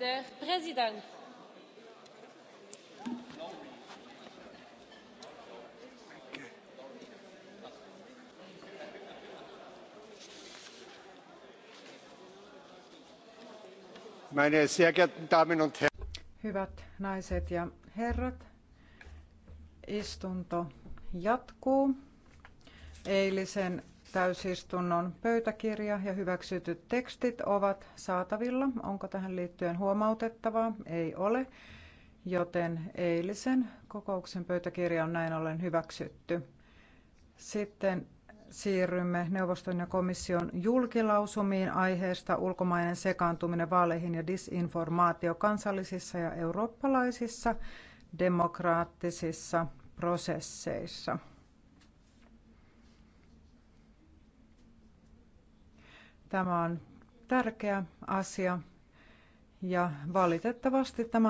der präsident! meine sehr geehrten damen und herren! hyvät naiset ja herrat istunto jatkuu. eilisen täysistunnon pöytäkirja ja hyväksytyt tekstit ovat saatavilla. Onko tähän liittyen huomautettavaa? Ei ole, joten eilisen kokouksen pöytäkirja on näin ollen hyväksytty. Sitten siirrymme neuvoston ja komission julkilausumiin aiheesta ulkomainen sekaantuminen vaaleihin ja disinformaatio kansallisissa ja eurooppalaisissa demokraattisissa prosesseissa. Tämä on tärkeä asia ja valitettavasti tämä